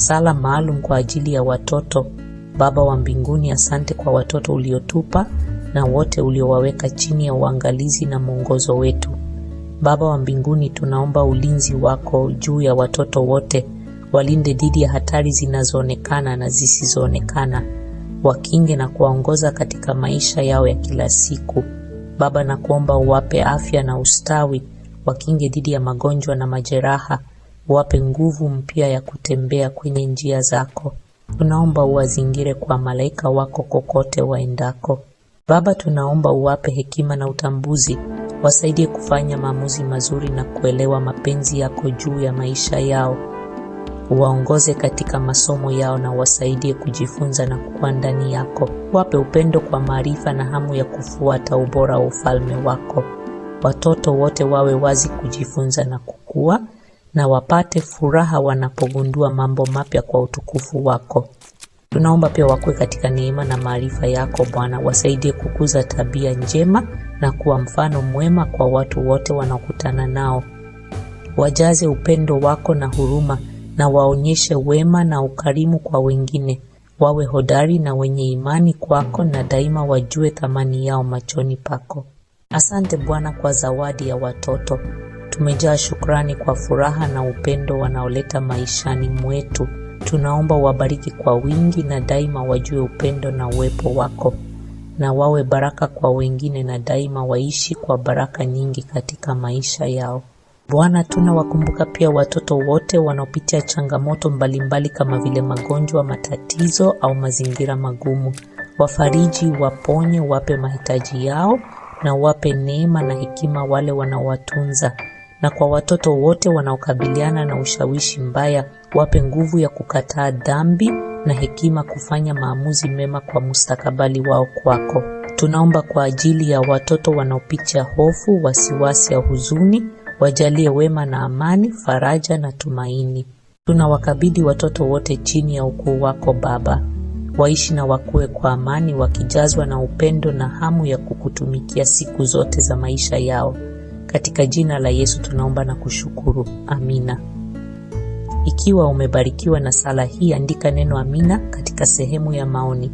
Sala maalum kwa ajili ya watoto. Baba wa mbinguni, asante kwa watoto uliotupa na wote uliowaweka chini ya uangalizi na mwongozo wetu. Baba wa mbinguni, tunaomba ulinzi wako juu ya watoto wote, walinde dhidi ya hatari zinazoonekana na zisizoonekana, wakinge na kuwaongoza katika maisha yao ya kila siku. Baba, na kuomba uwape afya na ustawi, wakinge dhidi ya magonjwa na majeraha uwape nguvu mpya ya kutembea kwenye njia zako. Tunaomba uwazingire kwa malaika wako kokote waendako. Baba, tunaomba uwape hekima na utambuzi, wasaidie kufanya maamuzi mazuri na kuelewa mapenzi yako juu ya maisha yao. Waongoze katika masomo yao na wasaidie kujifunza na kukua ndani yako. Wape upendo kwa maarifa na hamu ya kufuata ubora wa ufalme wako. Watoto wote wawe wazi kujifunza na kukua na wapate furaha wanapogundua mambo mapya kwa utukufu wako. Tunaomba pia wakuwe katika neema na maarifa yako Bwana, wasaidie kukuza tabia njema na kuwa mfano mwema kwa watu wote wanaokutana nao. Wajaze upendo wako na huruma, na waonyeshe wema na ukarimu kwa wengine. Wawe hodari na wenye imani kwako, na daima wajue thamani yao machoni pako. Asante Bwana kwa zawadi ya watoto. Tumejaa shukrani kwa furaha na upendo wanaoleta maishani mwetu. Tunaomba wabariki kwa wingi na daima wajue upendo na uwepo wako, na wawe baraka kwa wengine na daima waishi kwa baraka nyingi katika maisha yao. Bwana, tunawakumbuka pia watoto wote wanaopitia changamoto mbalimbali kama vile magonjwa, matatizo au mazingira magumu. Wafariji, waponye, wape mahitaji yao na wape neema na hekima wale wanaowatunza na kwa watoto wote wanaokabiliana na ushawishi mbaya, wape nguvu ya kukataa dhambi na hekima kufanya maamuzi mema kwa mustakabali wao kwako. Tunaomba kwa ajili ya watoto wanaopitia hofu, wasiwasi ya huzuni, wajalie wema na amani, faraja na tumaini. Tunawakabidhi watoto wote chini ya ukuu wako Baba, waishi na wakue kwa amani, wakijazwa na upendo na hamu ya kukutumikia siku zote za maisha yao. Katika jina la Yesu tunaomba na kushukuru, amina. Ikiwa umebarikiwa na sala hii, andika neno amina katika sehemu ya maoni.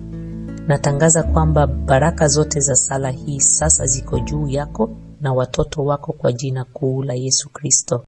Natangaza kwamba baraka zote za sala hii sasa ziko juu yako na watoto wako kwa jina kuu la Yesu Kristo.